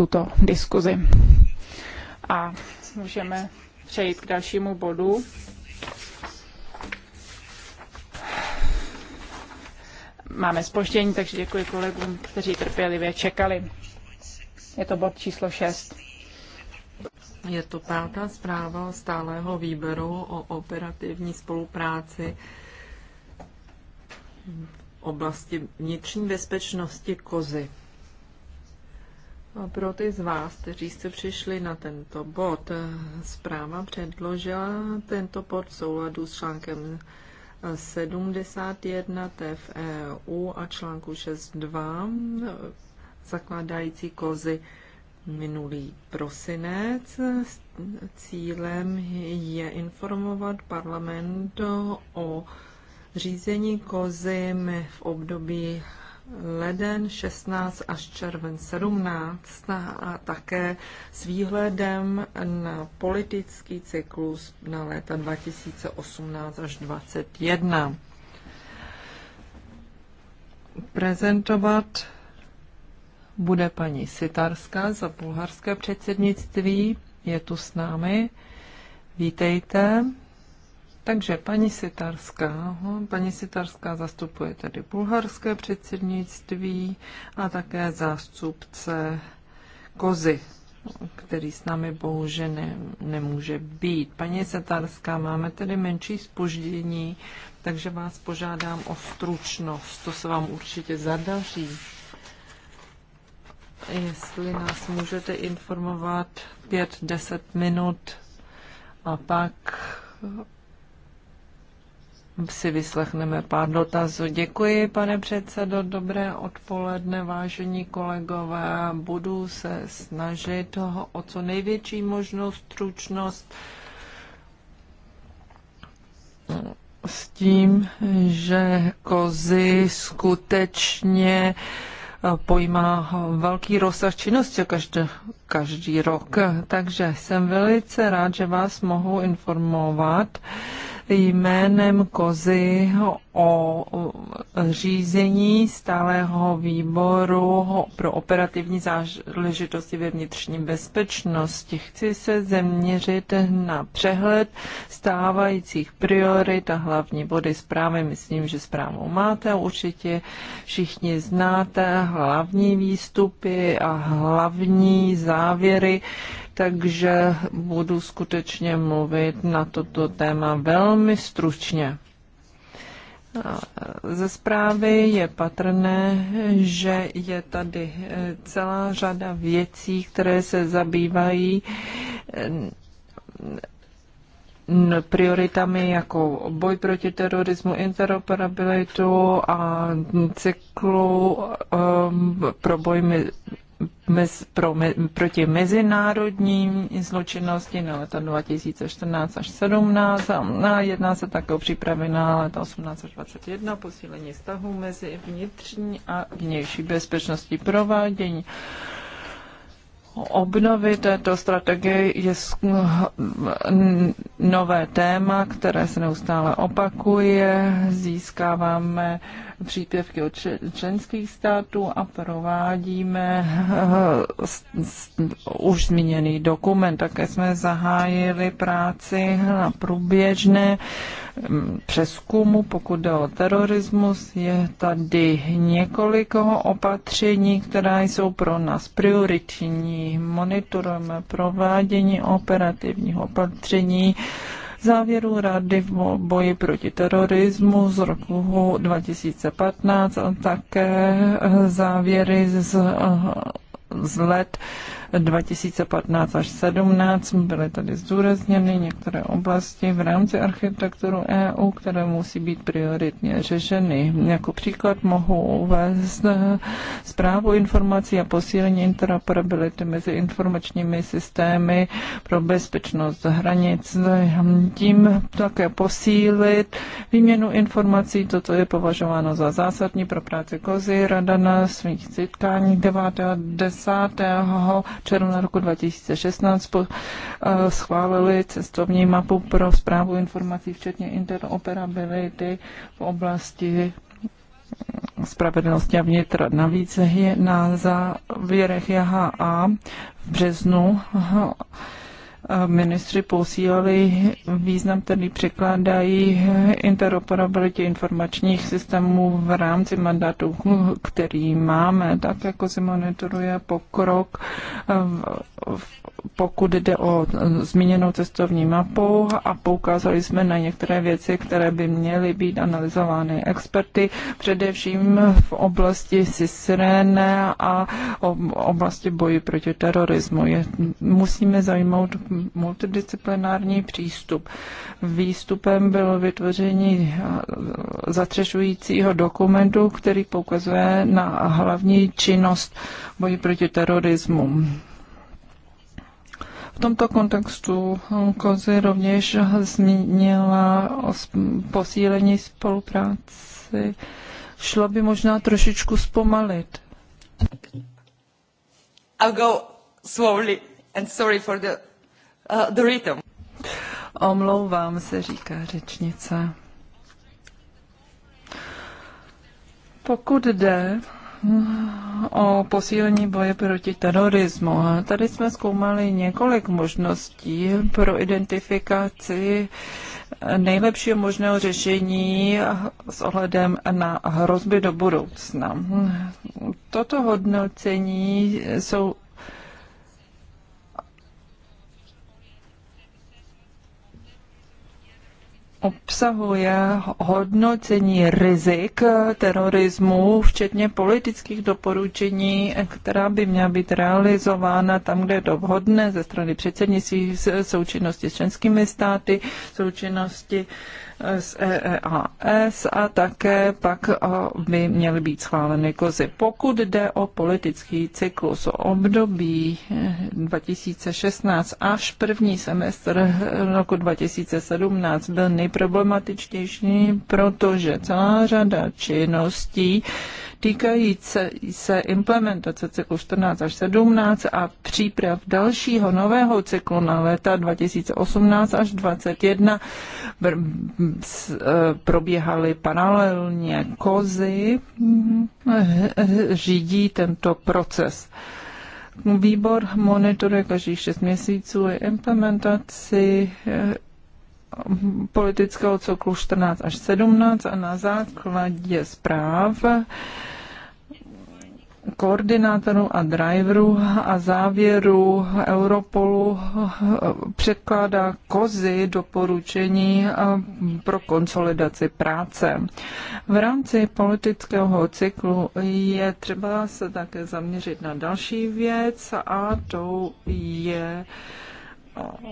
tuto diskuzi. A můžeme přejít k dalšímu bodu. Máme spoždění, takže děkuji kolegům, kteří trpělivě čekali. Je to bod číslo 6. Je to pátá zpráva stálého výběru o operativní spolupráci v oblasti vnitřní bezpečnosti kozy. Pro ty z vás, kteří jste přišli na tento bod, zpráva předložila tento bod v souladu s článkem 71 TF EU a článku 6.2 zakládající kozy minulý prosinec. Cílem je informovat parlament o řízení kozy v období leden 16 až červen 17 a také s výhledem na politický cyklus na léta 2018 až 2021. Prezentovat bude paní Sitarská za bulharské předsednictví. Je tu s námi. Vítejte. Takže paní Sitarská, no, paní Sitarská zastupuje tedy bulharské předsednictví a také zástupce Kozy, který s námi bohužel ne, nemůže být. Paní Setarská, máme tedy menší spoždění, takže vás požádám o stručnost. To se vám určitě zadaří. Jestli nás můžete informovat 5-10 minut a pak si vyslechneme pár dotazů. Děkuji, pane předsedo. Dobré odpoledne, vážení kolegové. Budu se snažit o co největší možnou stručnost s tím, že kozy skutečně pojímá velký rozsah činnosti. Každé každý rok. Takže jsem velice rád, že vás mohu informovat jménem Kozy o řízení stálého výboru pro operativní záležitosti ve vnitřní bezpečnosti. Chci se zeměřit na přehled stávajících priorit a hlavní body zprávy. Myslím, že zprávu máte, určitě všichni znáte hlavní výstupy a hlavní za závěry, takže budu skutečně mluvit na toto téma velmi stručně. Ze zprávy je patrné, že je tady celá řada věcí, které se zabývají prioritami jako boj proti terorismu, interoperabilitu a cyklu um, pro boj mez, pro, me, proti mezinárodní zločinnosti na leta 2014 až 17 a jedná se také o přípravy na leta 18 až 21, posílení vztahu mezi vnitřní a vnější bezpečností provádění. Obnovy této strategie je nové téma, které se neustále opakuje. Získáváme uh, příspěvky od členských států a provádíme eh, už zmíněný dokument. Také jsme zahájili práci na průběžné mm, přeskumu, pokud jde o terorismus. Je tady několik opatření, která jsou pro nás prioritní. Monitorujeme provádění operativních opatření Závěru Rady v boji proti terorismu z roku 2015 a také eh, závěry z, eh, z let 2015 až 17. Byly tady zdůrazněny některé oblasti v rámci architekturu e EU, které musí být prioritně řešeny. Jako příklad mohu uvést eh, zprávu informací a posílení interoperability mezi informačními systémy pro bezpečnost hranic. Tím také posílit výměnu informací. Toto je považováno za zásadní pro práci kozy. Rada na svých setkáních 9. 10 června roku 2016 eh, schválili cestovní mapu pro zprávu informací, včetně interoperability v oblasti mm, spravedlnosti a vnitra. Navíc je na závěrech JHA v březnu ministři posílali význam, který překládají interoperabilitě informačních systémů v rámci mandátu, který máme, tak jako se monitoruje pokrok, pokud jde o zmíněnou cestovní mapu a poukázali jsme na některé věci, které by měly být analyzovány experty, především v oblasti SISREN a oblasti boji proti terorismu. Je, musíme zajmout multidisciplinární přístup. Výstupem bylo vytvoření eh, zatřešujícího dokumentu, který poukazuje na hlavní činnost boji proti terorismu. V tomto kontextu Kozy rovněž zmínila o posílení spolupráci. Šlo by možná trošičku zpomalit. I'll go slowly and sorry for the uh, the rhythm. Omlouvám se, říká řečnice. Pokud jde o posílení boje proti terorismu. Tady jsme zkoumali několik možností pro identifikaci nejlepšího možného řešení s ohledem na hrozby do budoucna. Toto hodnocení jsou obsahuje hodnocení rizik terorismu, včetně politických doporučení, která by měla být realizována tam, kde je to vhodné ze strany předsednictví, součinnosti s členskými státy, součinnosti z EEAS a také pak by měly být schváleny kozy. Pokud jde o politický cyklus období 2016 eh, až první semestr roku 2017 byl nejproblematičtější, protože celá řada činností týkající se implementace cyklu 14 až 17 a příprav dalšího nového cyklu na léta 2018 až 2021 e, probíhaly paralelně kozy, řídí tento proces. Výbor monitoruje každých 6 měsíců implementaci e, politického cyklu 14 až 17 a na základě zpráv koordinátorů a driverů a závěru Europolu překládá kozy doporučení pro konsolidaci práce. V rámci politického cyklu je třeba se také zaměřit na další věc a to je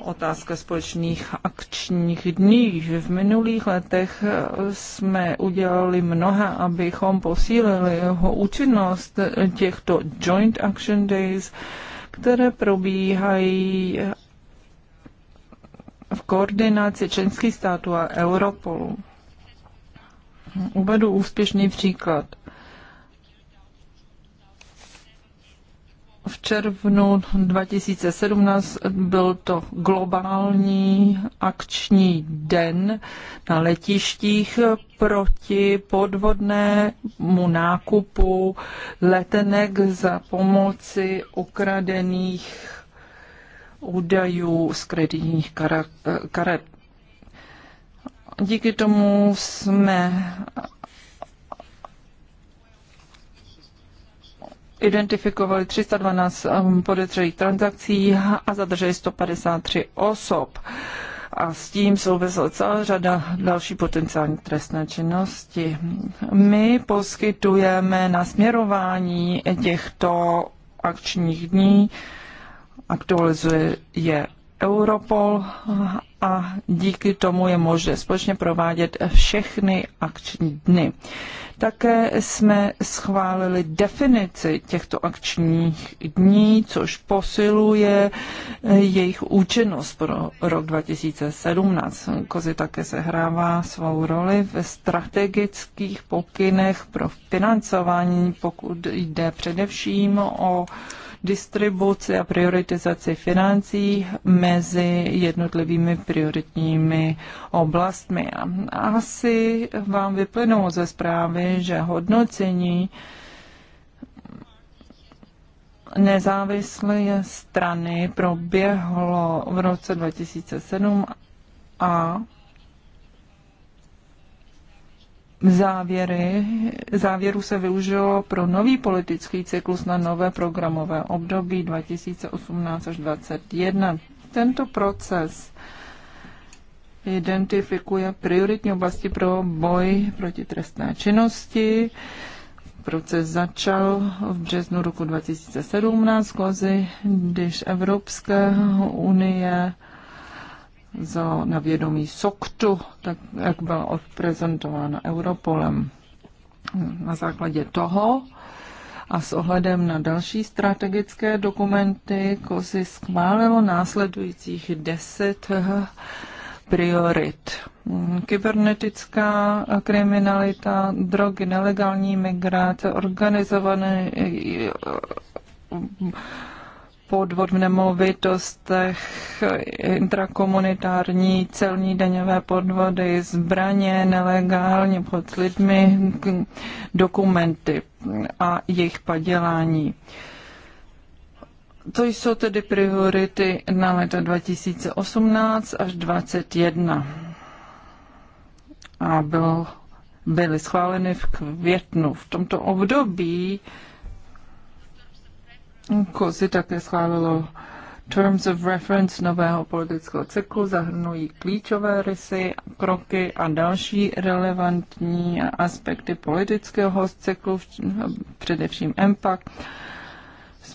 otázka společných akčních dní. Že v minulých letech jsme udělali mnoha, abychom posílili jeho účinnost těchto Joint Action Days, které probíhají v koordinaci členských států a Europolu. Uvedu úspěšný příklad. v červnu 2017 byl to globální akční den na letištích proti podvodnému nákupu letenek za pomoci ukradených údajů z kreditních karet. Díky tomu jsme identifikovali 312 um, podezřelých transakcí a zadrželi 153 osob. A s tím souvisela celá řada další potenciální trestné činnosti. My poskytujeme nasměrování těchto akčních dní, aktualizuje je Europol a díky tomu je možné společně provádět všechny akční dny. Také jsme schválili definici těchto akčních dní, což posiluje jejich účinnost pro rok 2017. Kozy také sehrává svou roli ve strategických pokynech pro financování, pokud jde především o distribuci a prioritizaci financí mezi jednotlivými prioritními oblastmi. Asi vám vyplynou ze zprávy, že hodnocení nezávislé strany proběhlo v roce 2007 a závěry, závěru se využilo pro nový politický cyklus na nové programové období 2018 až 2021. Tento proces identifikuje prioritní oblasti pro boj proti trestné činnosti. Proces začal v březnu roku 2017 kozy, když Evropská unie vzal na vědomí SOKTu, tak jak byla odprezentována Europolem. Na základě toho a s ohledem na další strategické dokumenty Kozy schválilo následujících deset priorit. Kybernetická kriminalita, drogy, nelegální migrace, organizované podvod v nemovitostech, intrakomunitární, celní daňové podvody, zbraně, nelegálně pod lidmi, dokumenty a jejich padělání. To jsou tedy priority na leta 2018 až 2021. A bylo, byly schváleny v květnu. V tomto období si také schválilo Terms of Reference nového politického cyklu zahrnují klíčové rysy, kroky a další relevantní aspekty politického cyklu, především MPAC,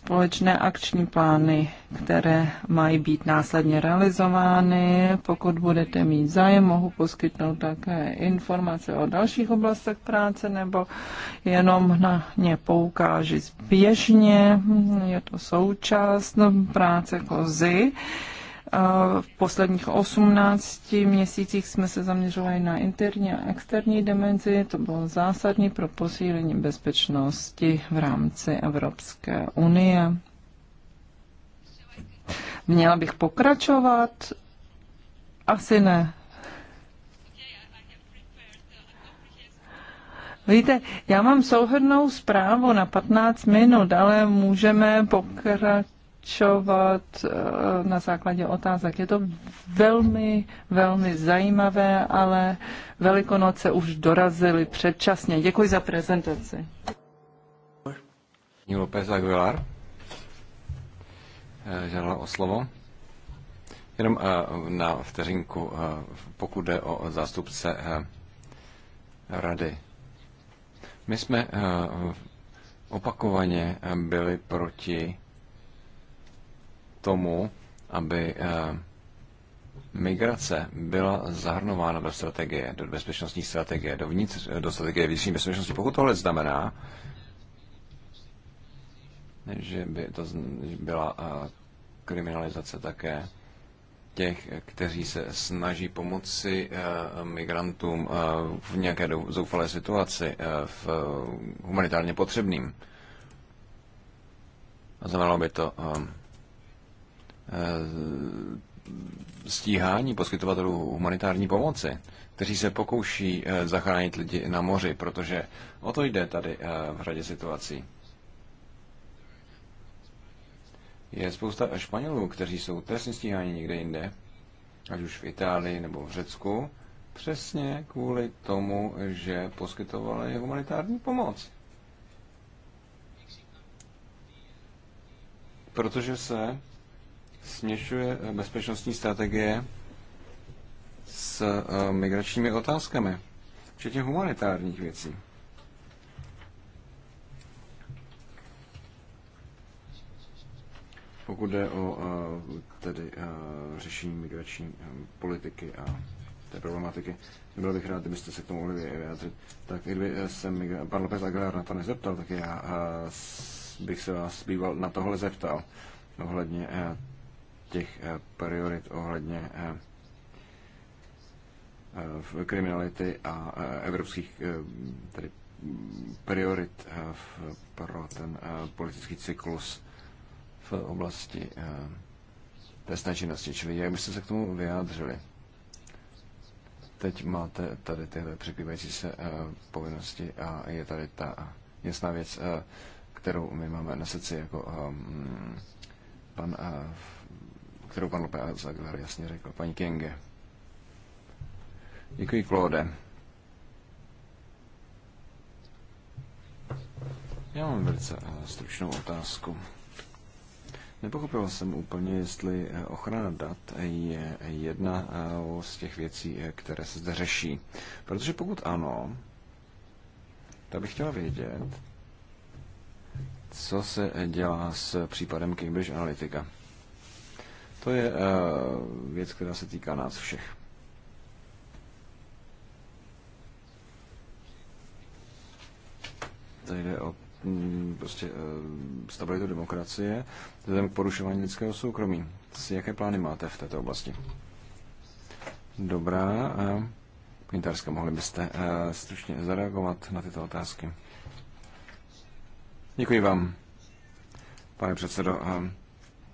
společné akční plány, které mají být následně realizovány. Pokud budete mít zájem, mohu poskytnout také informace o dalších oblastech práce nebo jenom na ně poukáži zběžně. Je to součást práce kozy. Jako v posledních 18 měsících jsme se zaměřovali na interní a externí dimenzi. To bylo zásadní pro posílení bezpečnosti v rámci Evropské unie. Měla bych pokračovat? Asi ne. Víte, já mám souhrnou zprávu na 15 minut, ale můžeme pokračovat pokračovat eh, na základě otázek. Je to velmi, velmi zajímavé, ale Velikonoce už dorazily předčasně. Děkuji za prezentaci. López Aguilar eh, žádala o slovo. Jenom eh, na vteřinku, pokud jde o zástupce rady. My jsme opakovaně byli proti tomu, aby eh, migrace byla zahrnována do strategie, do bezpečnostní strategie, do, vnitř, do strategie vnitřní bezpečnosti. Pokud tohle znamená, že by to byla eh, kriminalizace také těch, kteří se snaží pomoci eh, migrantům v nějaké zoufalé situaci, v humanitárně potřebným. znamenalo by to Eh, stíhání poskytovatelů humanitární pomoci, kteří se pokouší eh, zachránit lidi na moři, protože o to jde tady eh, v řadě situací. Je spousta Španělů, kteří jsou trestně stíháni někde jinde, ať už v Itálii nebo v Řecku, přesně kvůli tomu, že poskytovali humanitární pomoc. Protože se směšuje eh, bezpečnostní strategie s eh, migračními otázkami, včetně humanitárních věcí. Pokud jde o eh, tedy řešení migrační politiky a té problematiky, byl bych rád, kdybyste se k tomu mohli vyjádřit. Tak kdyby se migra- pan López Aguilar na to nezeptal, tak já bych se vás býval na tohle zeptal ohledně těch eh, priorit ohledně eh, eh, v kriminality a evropských tedy priorit pro ten politický cyklus v oblasti trestné činnosti. Čili jak byste se k tomu vyjádřili? Teď máte tady tyhle překrývající se povinnosti a je tady ta jasná věc, kterou my máme na srdci jako mm, pan kterou pan Lopé Zagler jasně řekl, paní Kenge. Děkuji, Claude. Já mám velice eh, stručnou otázku. Nepochopil jsem úplně, jestli eh, ochrana dat je jedna eh, z těch věcí, které se zde řeší. Protože pokud ano, tak bych chtěla vědět, co se dělá s případem Cambridge Analytica. To je eh, věc, která se týká nás všech. Tady jde o mm, prostě eh, stabilitu demokracie, vzhledem k porušování lidského soukromí. Si jaké plány máte v této oblasti? Dobrá. Uh, Pintarska, mohli byste stručně zareagovat na tyto otázky? Děkuji vám, pane předsedo.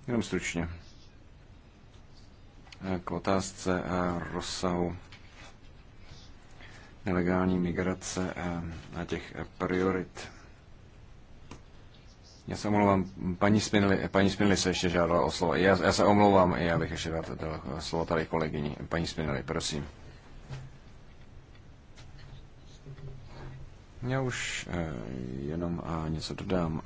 Jenom stručně. K otázce eh, rozsahu nelegální migrace eh, a těch eh, priorit. Já se omlouvám, paní Spinelli, paní Spinelli se ještě žádala o slovo. Já, já se omlouvám, já bych ještě rád dal slovo tady kolegyni. Paní Spinelli, prosím. Já už jenom a něco dodám.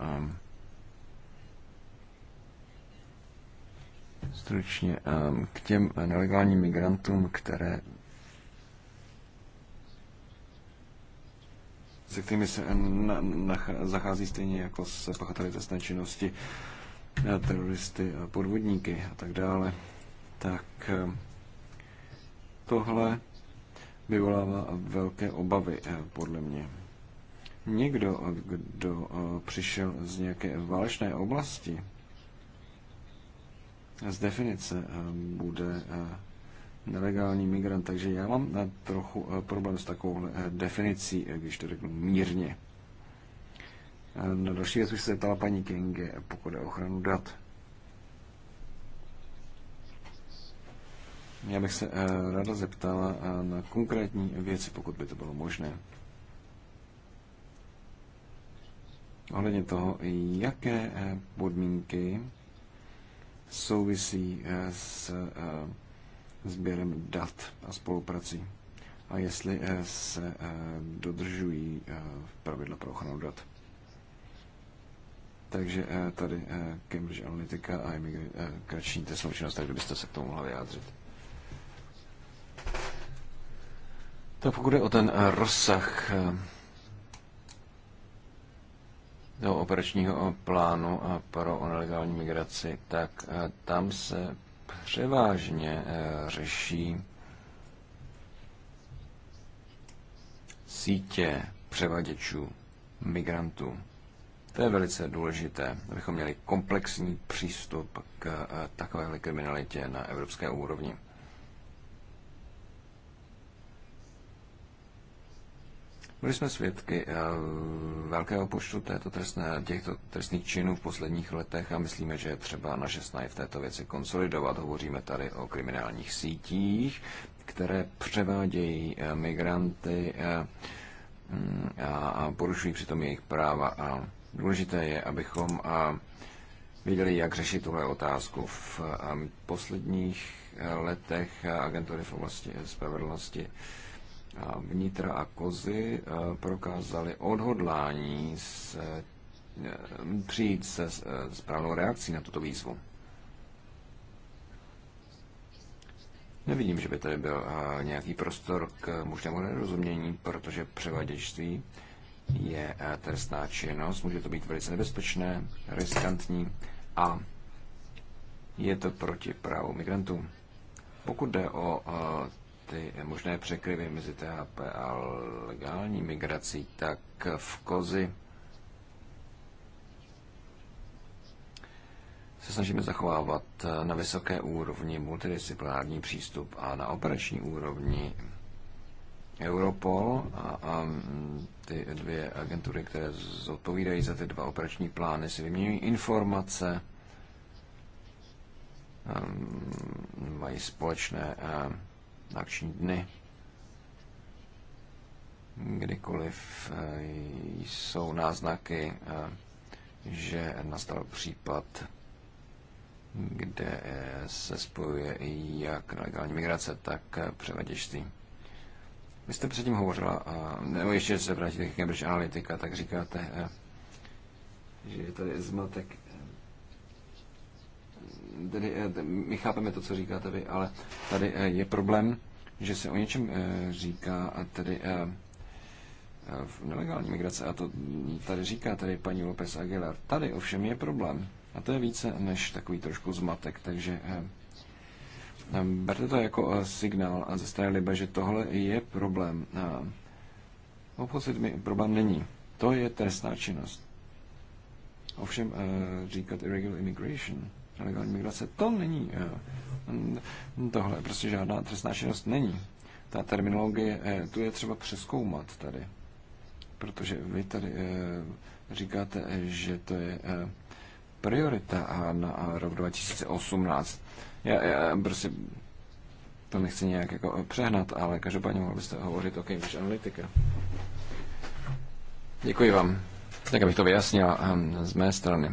Stručně ehm, k těm nelegálním migrantům, které se kterými se na, na, zachází stejně jako se pachateli trestné činnosti, eh, teroristy a podvodníky a tak dále, tak ehm, tohle vyvolává velké obavy, eh, podle mě. Někdo, eh, kdo přišel z nějaké válečné oblasti, z definice eh, bude eh, nelegální migrant, takže já mám eh, trochu problém s takovou definicí, když to řeknu mírně. Na další věc už se ptala paní Kinge, pokud je ochranu dat. Já bych se ráda zeptala na konkrétní věci, pokud by to bylo možné. Ohledně toho, jaké podmínky souvisí eh, s eh, sběrem dat a spoluprací a jestli eh, se dodržují pravidla pro ochranu dat. Takže tady Cambridge Analytica a imigrační trestnou činnost, tak byste se k tomu mohla vyjádřit. Tak pokud je o ten rozsah toho operačního plánu pro nelegální migraci, tak eh, tam se převážně eh, řeší sítě převaděčů migrantů. To je velice důležité, abychom měli komplexní přístup k eh, takovéhle kriminalitě na evropské úrovni. Byli jsme svědky eh, velkého počtu této trestné, těchto trestných činů v posledních letech a myslíme, že je třeba naše snahy v této věci konsolidovat. Hovoříme tady o kriminálních sítích, které převádějí eh, migranty eh, mm, a porušují přitom jejich práva. A důležité je, abychom věděli, jak řešit tuhle otázku. V posledních letech agentury v oblasti spravedlnosti vnitra a kozy eh, prokázali odhodlání s, eh, přijít se eh, správnou reakcí na tuto výzvu. Nevidím, že by tady byl nějaký prostor k možnému nerozumění, protože převaděčství je trestná činnost, může to být velice nebezpečné, riskantní a je to proti právu migrantů. Pokud jde o ty možné překryvy mezi THP a legální migrací, tak v kozi se snažíme zachovávat na vysoké úrovni multidisciplinární přístup a na operační úrovni Europol a, a ty dvě agentury, které zodpovídají za ty dva operační plány, si vyměňují informace, um, mají společné eh, akční dny. Kdykoliv eh, jsou náznaky, eh, že nastal případ, kde eh, se spojuje jak legální migrace, tak převaděžství. Vy jste předtím hovořila, nebo ještě se vrátíte k Cambridge Analytica, tak říkáte, že je tady zmatek tedy eh, my chápeme to, co říkáte vy, ale tady eh, je problém, že se o něčem eh, říká, a tedy v nelegální migrace, a to tady říká tady paní López Aguilar. Tady ovšem je problém. A to je více než takový trošku zmatek, takže berte to jako signál ze strany liba, že tohle je problém. Obchod s lidmi problém není. To je trestná činnost. Ovšem říkat irregular immigration, nelegální migrace. To není, eh, tohle prostě žádná trestná činnost není. Ta terminologie, eh, tu je třeba přeskoumat tady, protože vy tady eh, říkáte, že to je priorita na rok 2018. Já, já prostě to nechci nějak jako přehnat, ale každopádně mohl byste hovořit o Cambridge Analytica. Děkuji vám. Tak abych to vyjasnil ehm, z mé strany.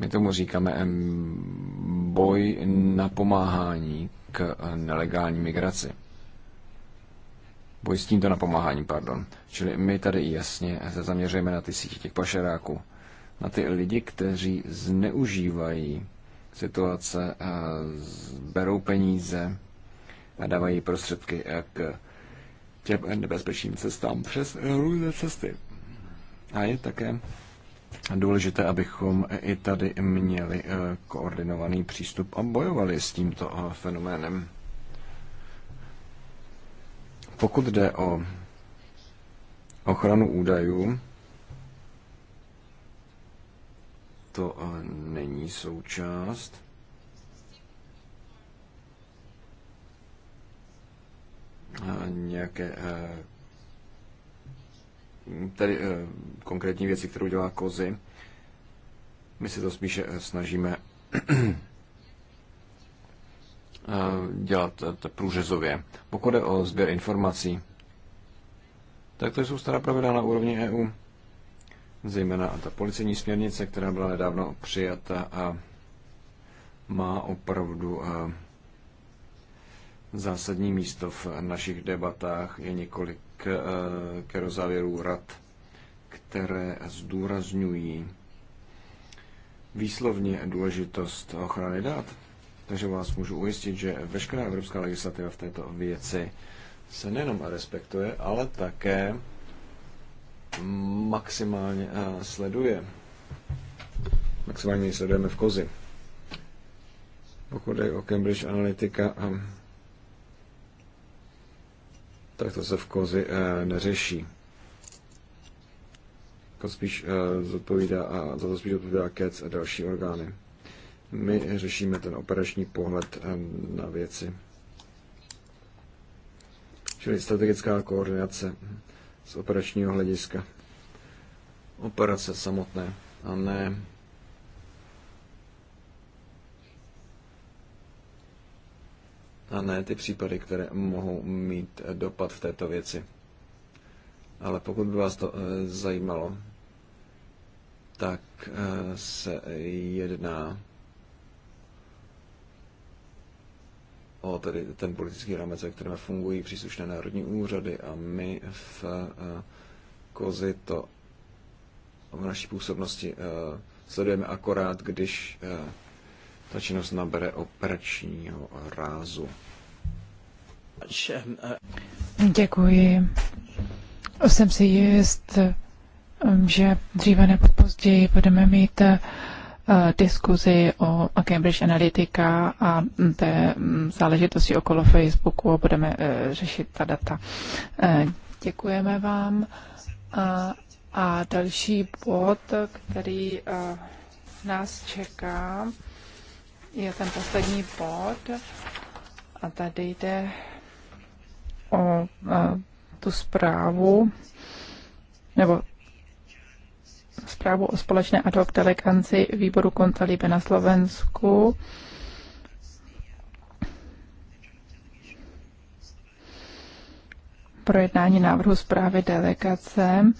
My tomu říkáme boj na pomáhání k eh, nelegální migraci. Boj s tímto napomáháním, pardon. Čili my tady jasně se zaměřujeme na ty sítě těch pašeráků, na ty lidi, kteří zneužívají situace, eh, berou peníze a dávají prostředky eh, k těm nebezpečným cestám přes různé cesty. A je také důležité, abychom i tady měli eh, koordinovaný přístup a bojovali s tímto eh, fenoménem. Pokud jde o ochranu údajů, to eh, není součást. nějaké tedy eh, konkrétní věci, kterou dělá kozy. My se to spíše eh, snažíme eh, dělat průřezově. Pokud jde o sběr informací, tak to jsou stará pravidla na úrovni EU, zejména ta policejní směrnice, která byla nedávno přijata a má opravdu zásadní místo v našich debatách. Je několik eh, kerozávěrů rad, které zdůrazňují výslovně důležitost ochrany dat. Takže vás můžu ujistit, že veškerá evropská legislativa v této věci se nejenom respektuje, ale také maximálně eh, sleduje. Maximálně sledujeme v kozi. Pokud je o Cambridge Analytica, eh, tak to se v kozi eh, neřeší. To spíš eh, zodpovídá a za to spíš odpovídá KEC a další orgány. My řešíme ten operační pohled eh, na věci. Čili strategická koordinace z operačního hlediska. Operace samotné a ne a ne ty případy, které mohou mít dopad v této věci. Ale pokud by vás to eh, zajímalo, tak eh, se jedná o tedy ten politický rámec, ve kterém fungují příslušné národní úřady a my v eh, kozi to v naší působnosti sledujeme akorát, když ta činnost nabere operačního rázu. Děkuji. Jsem si jist, um, že dříve nebo později budeme mít uh, diskuzi o Cambridge Analytica a mm, té mm, záležitosti okolo Facebooku a budeme uh, řešit ta data. Uh, děkujeme vám. A, a další bod, který nás čeká, je ten poslední bod a tady jde o a, tu zprávu nebo zprávu o společné ad hoc deleganci výboru kontalíby na Slovensku. Projednání návrhu zprávy delegace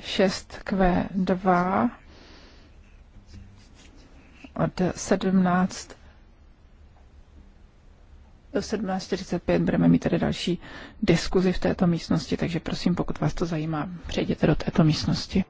6Q2 od 17 do 17.45 budeme mít tady další diskuzi v této místnosti, takže prosím, pokud vás to zajímá, přejděte do této místnosti.